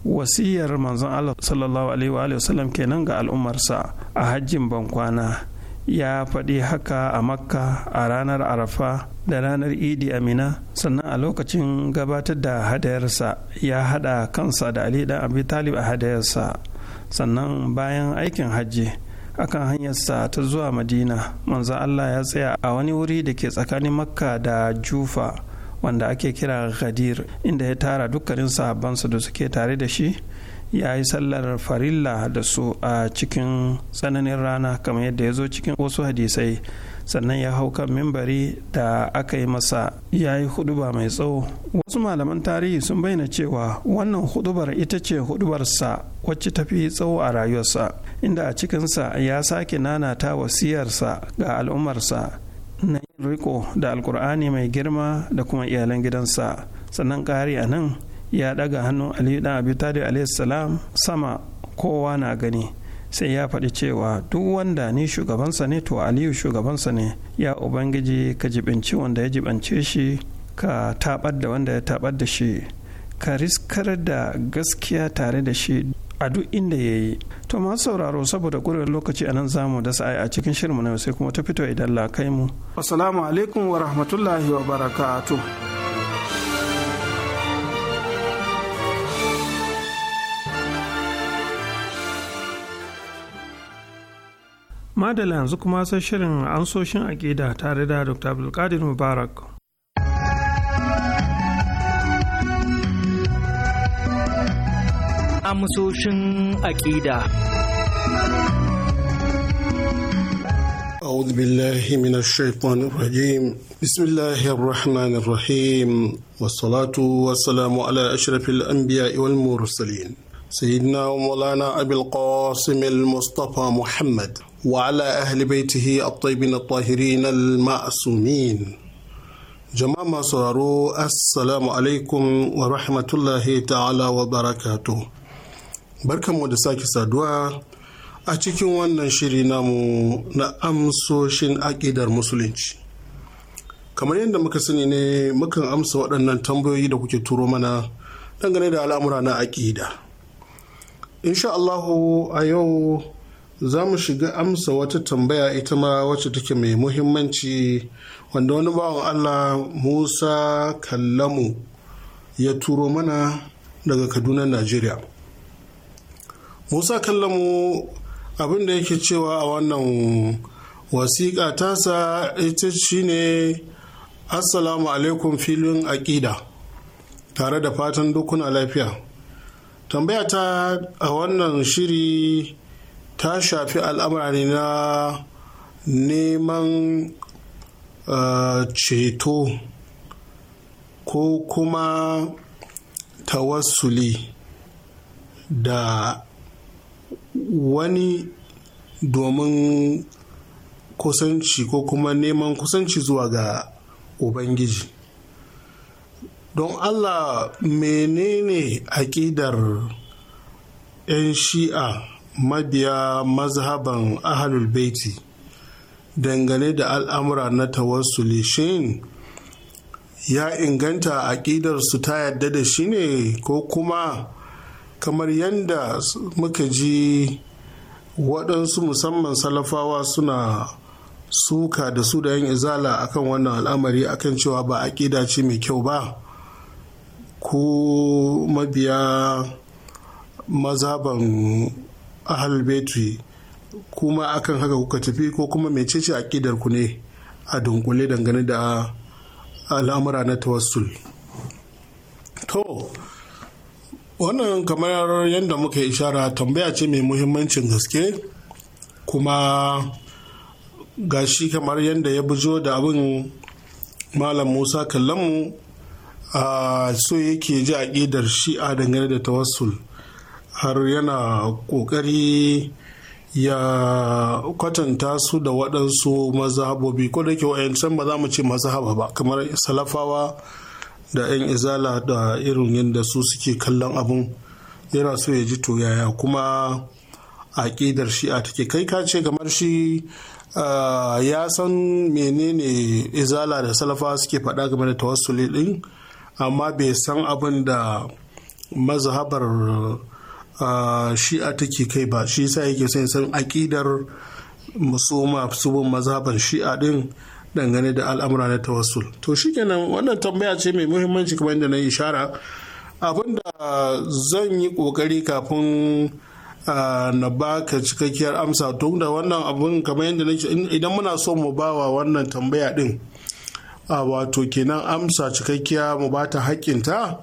wasiyar manzon Allah sallallahu alaihi sallam kenan ga al'ummarsa a hajjin bankwana ya faɗi haka a makka a ranar arafa da ranar idi amina sannan a lokacin gabatar da hadayarsa ya haɗa kansa da ali dan abi talib a hadayarsa sannan bayan aikin hajji akan hanyarsa ta zuwa madina manzon allah ya tsaya a wani wuri da ke tsakanin makka da jufa wanda ake kira ghadir inda ya tara dukkanin sahabbansa da suke tare da shi ya yi sallar farilla da su a cikin tsananin rana kamar yadda ya zo cikin wasu hadisai sannan ya hau kan mimbari da aka yi masa ya yi huduba mai tsawo wasu malaman tarihi sun bayyana cewa wannan hudubar ita ce hudubarsa wacce ta fi tsawo a rayuwarsa inda a cikinsa ya sake nanata wasiyarsa ga al'ummarsa na yin riko da alkur'ani mai girma da kuma iyalan gidansa sannan kari a nan ya daga hannun aliyu dan abu talib salam sama kowa na gani sai ya faɗi cewa duk wanda ni shugabansa ne to aliyu shugabansa ne ya ubangiji ka jibinci wanda ya jibance shi ka tabar da wanda ya tabar da shi ka riskar da gaskiya tare da shi a duk inda ya yi to masu sauraro saboda ƙurar lokaci a nan zamu da sa'ai a cikin shirin na sai kuma ta fito idan la kai mu assalamu alaikum wa rahmatullahi wa barakatu madala yanzu kuma sai shirin ansoshin aƙida tare da dr abdulkadir mubarak amsoshin aƙida. أعوذ بالله من الشيطان الرجيم بسم الله الرحمن الرحيم والصلاة والسلام على أشرف الأنبياء والمرسلين سيدنا ومولانا أبي القاسم المصطفى محمد وعلى أهل بيته الطيبين الطاهرين المعصومين جماعة masu sauraro assalamu alaikum wa rahmatullahi ta'ala wa barkanmu da sake saduwa a cikin wannan shiri namu na amsoshin aƙidar musulunci kamar yadda muka sani ne mukan amsa waɗannan tambayoyi da kuke turo mana dangane da al'amura na aƙida insha Allahu a yau za mu shiga amsa wata tambaya ita ma wacce take mai muhimmanci wanda wani bawan Allah Musa Kallamu ya turo mana daga Kaduna Najeriya musa kallamu abin da yake cewa a wannan wasiƙa tasa ita shine assalamu alaikum filin aƙida tare da fatan dukuna lafiya tambaya ta a wannan shiri ta shafi al'amura ne na neman ceto ko kuma tawassuli da wani domin kusanci ko kuma neman kusanci zuwa ga ubangiji don allah menene aƙidar 'yan shi'a mabiya mazhaban ahalul baiti dangane da al'amura na tawassuli shin ya inganta aƙidarsu ta yadda da shi ne ko kuma kamar yadda muka ji waɗansu musamman salafawa suna suka da su da yin izala akan wannan al'amari akan cewa ba aƙida ce mai kyau ba ko mabiya mazaban ahal betri kuma akan haka kuka tafi ko kuma a ƙidar ku ne a dunkule dangane da al'amura na tawassul to wannan kamar yadda muka ishara tambaya ce mai muhimmancin gaske kuma ga shi kamar yadda ya bujo da abin malam musa kallonmu a so yake ji a aƙidar shi'a dangane da tawassul har yana ƙoƙari ya kwatanta su da waɗansu mazhabobi ko da ke wa'yancan ba za mu ce mazhaba ba kamar salafawa da 'yan izala da irin yadda su suke kallon abun yana so ya ji to yaya kuma aƙidar shi'a take kai ka ce kamar shi ya san menene izala da salafa suke faɗa game da tawassuli ɗin amma bai san abin da mazhabar shi'a take kai ba shi sa yake son san aƙidar musoma bin mazhabar shi'a ɗin dangane da al'amura na tawassul to shikenan wannan tambaya ce mai muhimmanci kamar yadda na ishara abinda zan yi kokari kafin na baka cikakkiyar amsa tun da wannan abun kamar yadda na idan muna so mu bawa wannan tambaya din wato kenan amsa cikakkiya mu ba ta haƙƙinta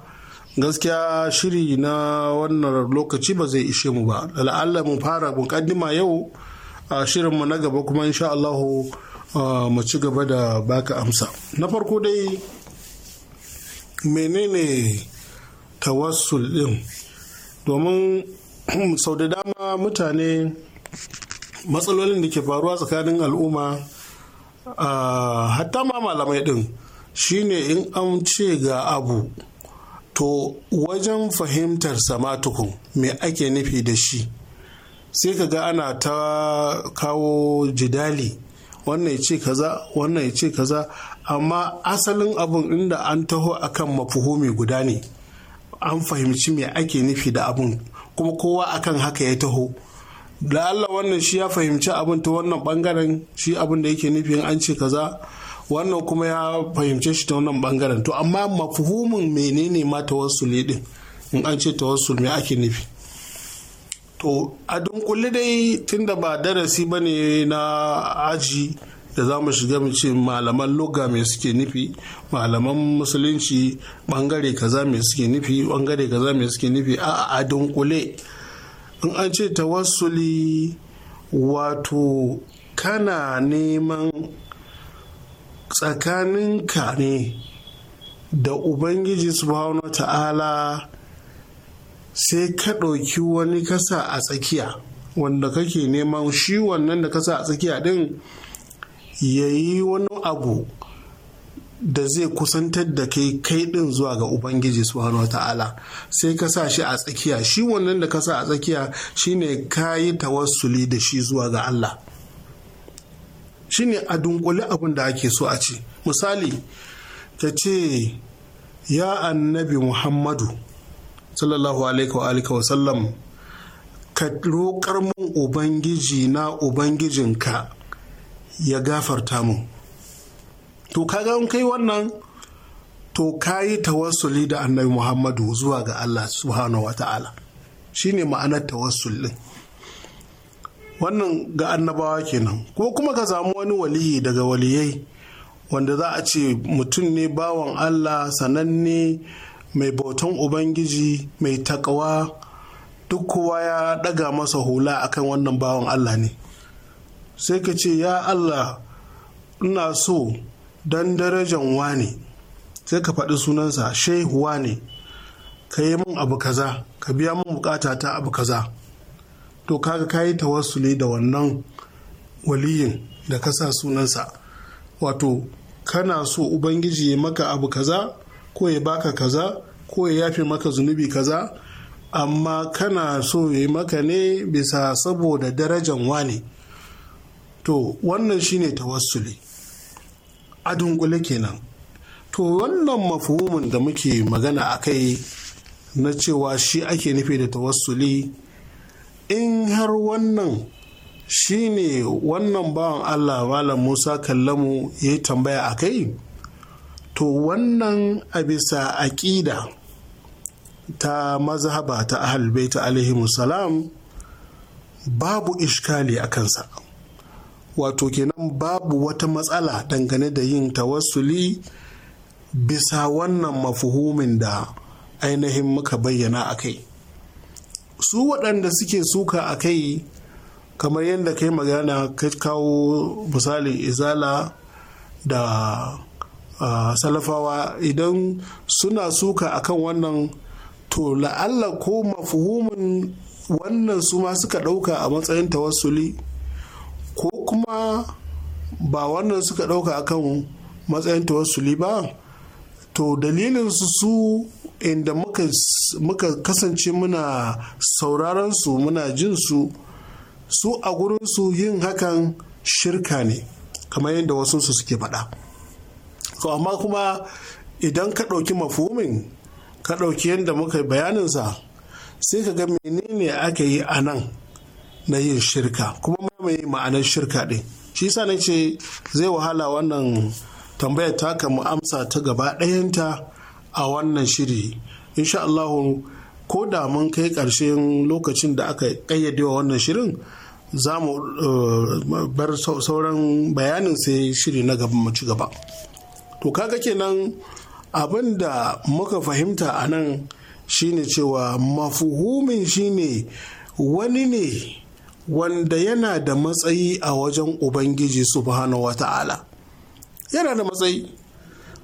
gaskiya shiri na wannan lokaci ba zai ishe mu ba la'alla mu fara mukaddima yau a shirinmu na gaba kuma insha Allahu Ah, mu ci gaba da baka amsa na farko dai menene tawassul din domin sau da dama mutane matsalolin da ke faruwa tsakanin al'umma ah, hatta ma malamai din shine in an ce ga abu to wajen fahimtar samatukun me ake nufi da shi sai ka ga ana ta kawo jidali wannan ya ce kaza wannan ya ce kaza amma asalin abun inda an taho akan mafuhumi guda ne an fahimci me ake nufi da abun kuma kowa akan haka ya taho da Allah wannan shi ya fahimci abin ta wannan bangaren shi abin da yake nufin an ce kaza wannan kuma ya fahimce shi ta wannan bangaren to amma mafuhumin menene ma tawassuli din in an ce tawassul me ake nufi to a dunkule dai tunda ba darasi ba ne na aji da za mu shiga mu ce malaman loga mai suke nufi malaman musulunci bangare kaza mai suke nufi bangare kaza mai suke nufi a a dunkule in an ce tawassuli wato kana neman tsakaninka ne da ubangiji subhanahu ta'ala sai ka ɗauki wani kasa a tsakiya wanda kake neman shi wannan da kasa a tsakiya ɗin ya yi wani abu da zai kusantar da kai kai ɗin zuwa ga ubangiji subhanahu wata'ala sai ka sa shi a tsakiya shi wannan da ka sa a tsakiya shine ka yi tawassuli da shi zuwa ga Allah shine a dunkule abin da ake so a ce misali ta ce ya annabi muhammadu sallallahu alaihi wa wa sallam ka roƙar mun ubangiji na ubangijinka ya gafarta mu to kaga in kai wannan to kayi tawassuli da annabi muhammadu zuwa ga allah subhanahu wa ta'ala Shi ne ma'anar tawassulin wannan ga annabawa kenan ko kuma ka samu wani waliyi daga waliyai wanda za a ce mutum ne bawan allah sananne mai bautan ubangiji mai takawa duk kowa ya ɗaga masa hula akan wannan bawan allah ne sai ka ce ya allah ina so don darajan ne sai ka faɗi sunansa shehu ne ka yi min abu kaza ka biya min bukata ta abu kaza to kaga ka yi tawassuli da wannan waliyin da ka sa sunansa wato kana so ubangiji ya maka abu kaza ko ya baka kaza ko ya yafe maka zunubi kaza amma kana so ya yi maka ne bisa saboda darajan wane to wannan shine tawassuli a dunkule kenan to wannan mafuhumin da muke magana a kai na cewa shi ake nufi da tawassuli in har wannan shine wannan bawan allah malam musa kallamu ya yi tambaya a kai to wannan a bisa aƙida ta mazhaba ta ahalbaita alaihi babu ishkali a kansa wato kenan babu wata matsala dangane da yin tawassuli bisa wannan mafuhumin da ainihin muka bayyana a kai su waɗanda suke suka a kai kamar yadda kai magana ka kawo misalin izala da salafawa idan suna suka akan wannan to la'alla ko mafuhumin wannan su ma suka ɗauka a matsayin tawassuli ko kuma ba wannan suka ɗauka akan matsayin tawassuli ba to dalilin su su inda muka, kasance muna sauraron su muna jin su su a gurin su yin hakan shirka ne kamar yadda wasu su suke faɗa. to amma kuma idan ka ɗauki mafumin ka ɗauki yadda muka bayaninsa sai ka ga menene aka yi a nan na yin shirka kuma mai ma'anar shirka ɗin shi sa na ce zai wahala wannan tambayar taka mu amsa ta gaba ɗayanta a wannan shiri insha Allah ko da mun kai ƙarshen lokacin da aka ƙayyade wa wannan shirin za mu eh, bar sauran bayanin sai shiri na gaba mu ci gaba. to kaga kenan abin da muka fahimta a nan shine cewa mafuhumin shine wani ne wanda yana da matsayi a wajen ubangiji subhanahu wa ta'ala yana da matsayi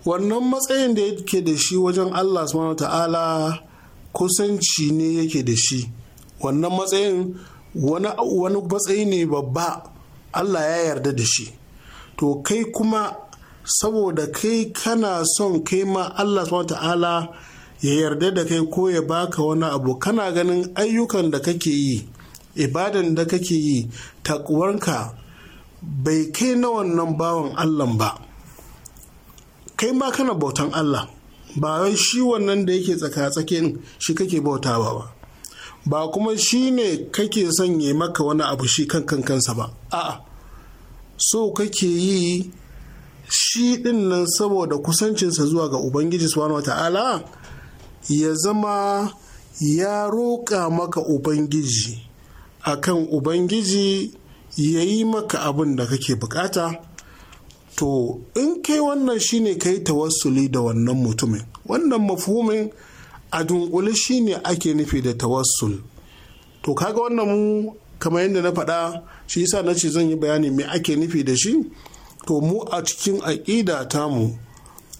wannan matsayin da yake da shi wajen allah subhanahu wa ta'ala kusanci ne yake da shi wannan matsayin wani matsayi ne babba allah ya yarda da shi to kai kuma saboda kai kana son kai ma Allah subhanahu ya yarda da kai ko ya baka wani abu kana ganin ayyukan da kake yi ibadan da kake yi takwarka bai kai na wannan bawan Allah ba kai ma kana bautan Allah ba wai shi wannan da yake tsaka-tsakin shi kake bautawa ba ba kuma shi ne kake sanye maka wani abu shi kan kansa ba a'a so kake yi shi ɗin nan saboda kusancinsa zuwa ga ubangiji subhanahu wata'ala ya zama ya roƙa maka ubangiji akan ubangiji ya yi maka abin da kake bukata to in kai wannan shine ka yi tawassuli da wannan mutumin wannan mafumin a dunkule shine ake nufi da tawassul to kaga wannan mu kamar yadda na faɗa shi yasa na ce zan yi bayani me ake nufi da shi to mu a cikin aƙida mu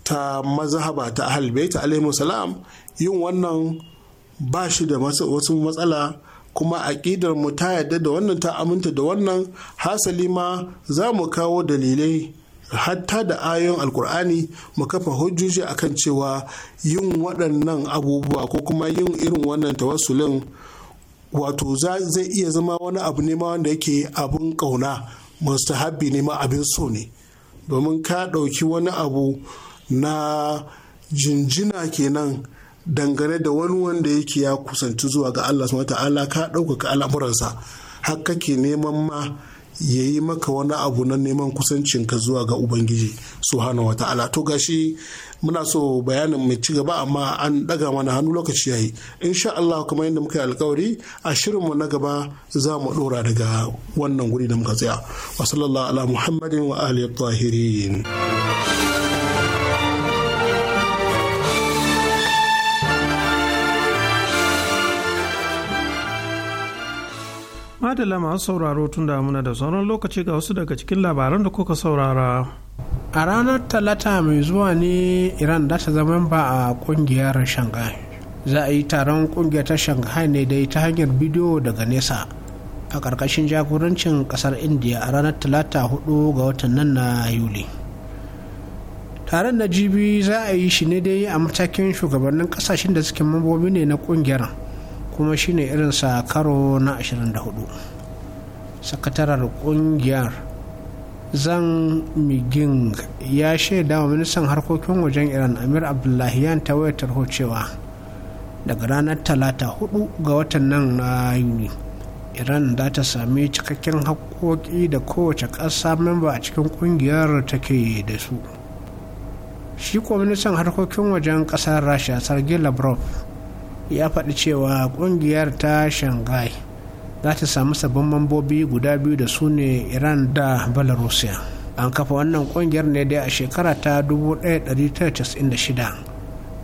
ta mazhaba ta ahalbaita alaihi salam yin wannan ba shi da wasu matsala kuma aƙidar mu ta yadda da wannan ta aminta da wannan hasali ma za mu kawo dalilai hatta da ayoyin alkur'ani mu kafa hujjoji akan cewa yin waɗannan abubuwa ko kuma yin irin wannan tawassulin wato zai iya zama wani abu ne ma wanda yake abun ƙauna mustahabbi ne ma abin so ne domin ka ɗauki wani abu na jinjina kenan dangane da wani wanda yake ya kusanci zuwa ga Allah subhanahu ta'ala ka ɗaukaka al'amuransa har kake neman ma ya yi maka wani abu na neman kusancinka zuwa ga ubangiji subhanahu ala to gashi muna so bayanin mai ci gaba amma an daga mana hannu lokaci yayi insha Allah kamar yadda muka yi alkawari a shirinmu na gaba za mu dora daga wannan guri da muka tsaya wa sallallahu ala muhammadin wa alihi tahirin Madalla masu sauraro tun da muna da sauran lokaci ga wasu daga cikin labaran da kuka saurara. a ranar talata mai zuwa ne iran za ta zama ba a kungiyar shanghai za a yi taron kungiyar ta shanghai ne dai ta hanyar bidiyo daga nesa a ƙarƙashin jagorancin ƙasar india a ranar talata 4 ga watan nan na yuli taron na jibi za a yi shi ne dai a matakin shugabannin ƙasashen da suke mambobi ne na kungiyar kuma shine irinsa karo na 24 sakatarar kungiyar zan miging ya shaida wa ministan harkokin wajen iran amir abdullahiyan ta waya tarho cewa daga ranar talata hudu ga watan nan na yuni iran za ta sami cikakken haƙoƙi da kowace ƙasa memba a cikin ƙungiyar ke da su shi ko ministan harkokin wajen ƙasar rasha sergei lavrov ya faɗi cewa ƙungiyar ta shanghai za ta samu sabbin mambobi guda biyu da su ne iran da belarusia an kafa wannan kungiyar ne dai a shekara ta 1996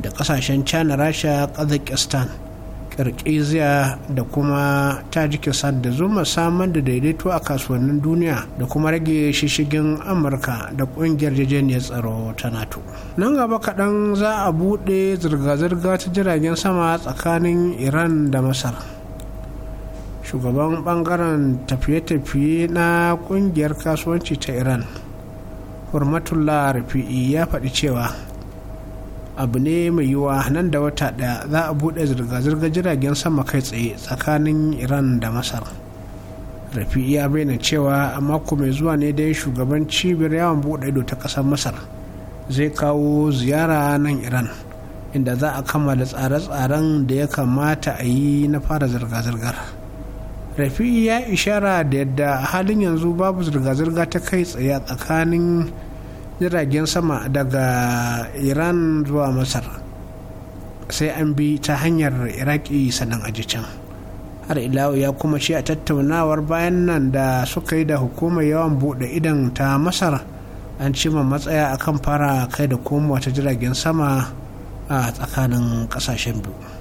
da kasashen china rasha kazakistan kirkiziya da kuma tajikistan da zuma samar da daidaito a kasuwannin duniya da kuma rage shishigin amurka da kungiyar jejeniyar tsaro ta nato nan gaba kaɗan za a buɗe zirga-zirga ta jiragen sama tsakanin iran da masar shugaban bangaren tafiye-tafiye na kungiyar kasuwanci ta iran hurmatullah rafi'i ya faɗi cewa abu ne mai yiwuwa nan da wata ɗaya za a buɗe zirga-zirga jiragen sama kai tsaye tsakanin iran da masar rafi'i ya bayyana cewa a mako mai zuwa ne dai shugaban cibiyar yawon buɗe ido ta ƙasar masar zai kawo ziyara nan iran inda za a kammala tsare-tsaren da ya kamata a yi na fara zirga-zirgar rafi ya ishara da yadda halin yanzu babu zirga-zirga ta kai tsaye tsakanin jiragen sama daga iran zuwa masar sai an bi ta hanyar iraki sannan a can har ilawo ya kuma ce a tattaunawar bayan nan da suka yi da hukumar yawan buɗe idan ta masar an cima matsaya akan fara kai da komowa ta jiragen sama a tsakanin ƙasashen biyu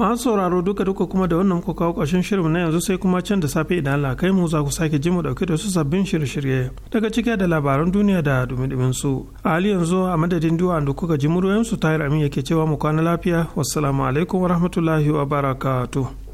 masu sauraro duka duka kuma da wannan kuka kawo ƙarshen shirin na yanzu sai kuma can da safe idan Allah kai mu za ku sake ji mu dauke da su sabbin shirye-shirye daga cike da labaran duniya da dumi su a hali yanzu a madadin duwa da kuka ji muryoyin su tayar amin yake cewa mu kwana lafiya wassalamu alaikum warahmatullahi wabarakatuh